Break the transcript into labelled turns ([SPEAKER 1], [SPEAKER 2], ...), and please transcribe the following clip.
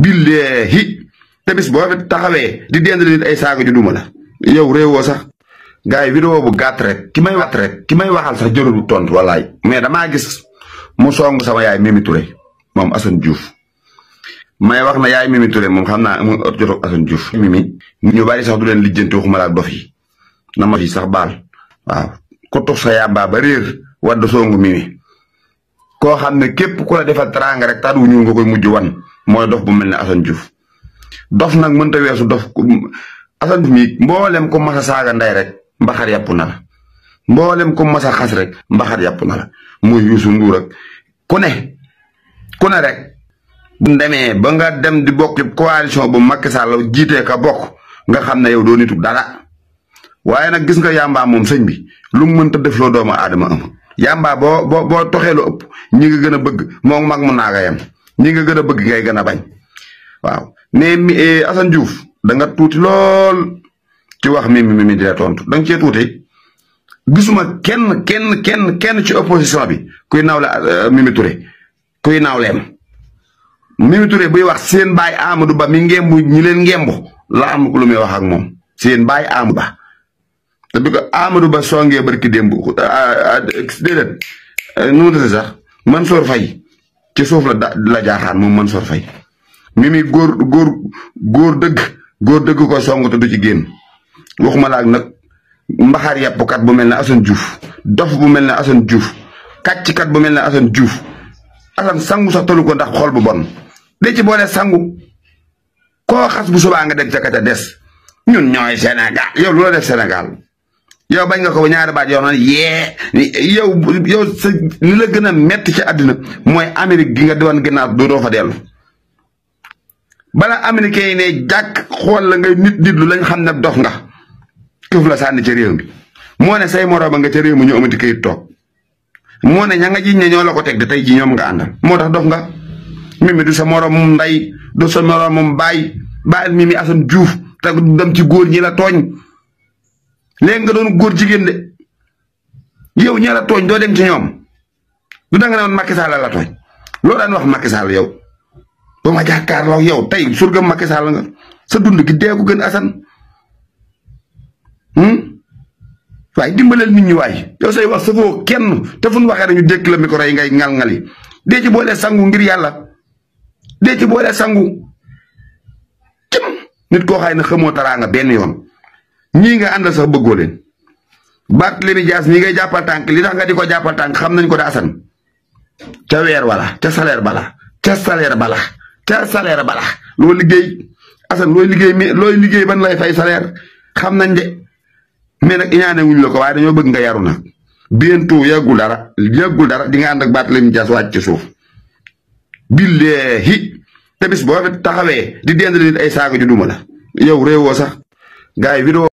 [SPEAKER 1] billaahi te bis boo fi taxawee di dend ay saaga ju duma la yow réewoo sax gars yi vidéo bu gàtt rek ki may wat rek ki may waxal sax jëlulu tontu wallaay mais damaa gis mu song sama yaay Mimi Touré moom Assane juuf may wax na yaay Mimi Touré moom xam naa amul ot jotoog Mimi ñu bari sax du leen lijjanti waxuma laa dof na ma fi sax baal waaw ku tux sa ba réer wadd songu Mimi koo xam ne képp ku defa defal rek taat wu ñuul nga koy mujj wan moy dof bu melni ne Assane Diouf dof nag ta wessu dof Assane Diouf mi mbollem ko massa saga nday rek mbaxar yapuna na la mboolem ko massa khas rek mbaxar yapuna na la muy Youssou Ndour ak ku ne ku ne rek bu demee ba nga dem di bokk ci coalition bu Macky Sall ka bok nga xamné yow do nitu dara waye nag gis nga yamba mom señ bi lu mën ta def lo doomu adama am yamba bo bo toxelo upp ñi nga gëna bëgg mag mu naga yam ñi nga gën a bëgg ngay gën a bañ waaw mais eh, Assane Diouf da nga tuuti lool ci wax mi mi mi di tontu da nga cee tuuti gisuma kenn kenn kenn kenn ci opposition bi kuy naaw la eh, Mimi Touré kuy naaw leem Mimi Touré buy wax seen baay Amadou Ba mi ngembu ñi leen ngembu la am ko lu muy wax ak moom seen baay Amadou Ba te bi ko Amadou Ba songee barki démb eh, déedéet nu mu sax Mansour ci suuf la la jaaxaan moom Mansour Faye mi mi góor góor góor dëgg góor dëgg ko song te du ci génn waxuma laag nag mbaxaar kat bu mel ne Assane Diouf dof bu mel ne Assane Diouf kat bu mel ne Assane Diouf Assane sangu sax tolu ko ndax xol bu bon de ci boole sangu koo xas bu subaa nga dem ca kata des ñun ñooy Sénégal yow lu la def Sénégal yow bañ nga ko ñaara baat yow na yee yow yow sa li la gëna metti ci aduna moy amerique gi nga doon do do fa dellu bala américain yi ne jak xol la ngay nit lu lañ xamne dox nga keuf la sanni ci rew mi mo ne say moroom nga ci rew mu ñu amati kay tok mo ne ñanga jiñ ne ñoo la ko tek de tay ji ñom nga àndal mo tax dox nga mimi du sa moroomum nday du sa moroomum bay baal mimi asam juuf tak dem ci goor ñi la togn léegi nga doon góor jigéen de yow ña la tooñ doo dem ci ñoom du danga ne woon Macky tooñ loo daan wax Macky Sall yow ba ma jàkkaarloo yow tey surga Macky Sall nga sa dund gi dee ko gën asan hmm? waaye dimbaleel nit ñu waay yow say wax safoo kenn te fu ñu waxee dañu dékk la micro yi ngay ngal-ngali dee ci boolee sangu ngir yàlla dee ci boolee sangu cim nit koo xay na xamoo taraanga benn yoon ñii nga àndal sax bëggoo bat Barthélémy Dias ñi ngay jàppal tànk li tax nga di ko jàppal tànk xam nañ ko daa san ca weer wala ca salaire bala ca salaire bala ca salaire bala loo liggéey asan looy liggéey mais looy liggéey ban lay fay salaire xam nañ de mais nag iñaane wuñ la ko waaye dañoo bëgg nga yaru nag bientôt yàggul dara yàggul dara di nga ànd ak Barthélémy Dias wàcc ci suuf billaahi te bis boo fi taxawee di dend nit ay saaga ju duma la yow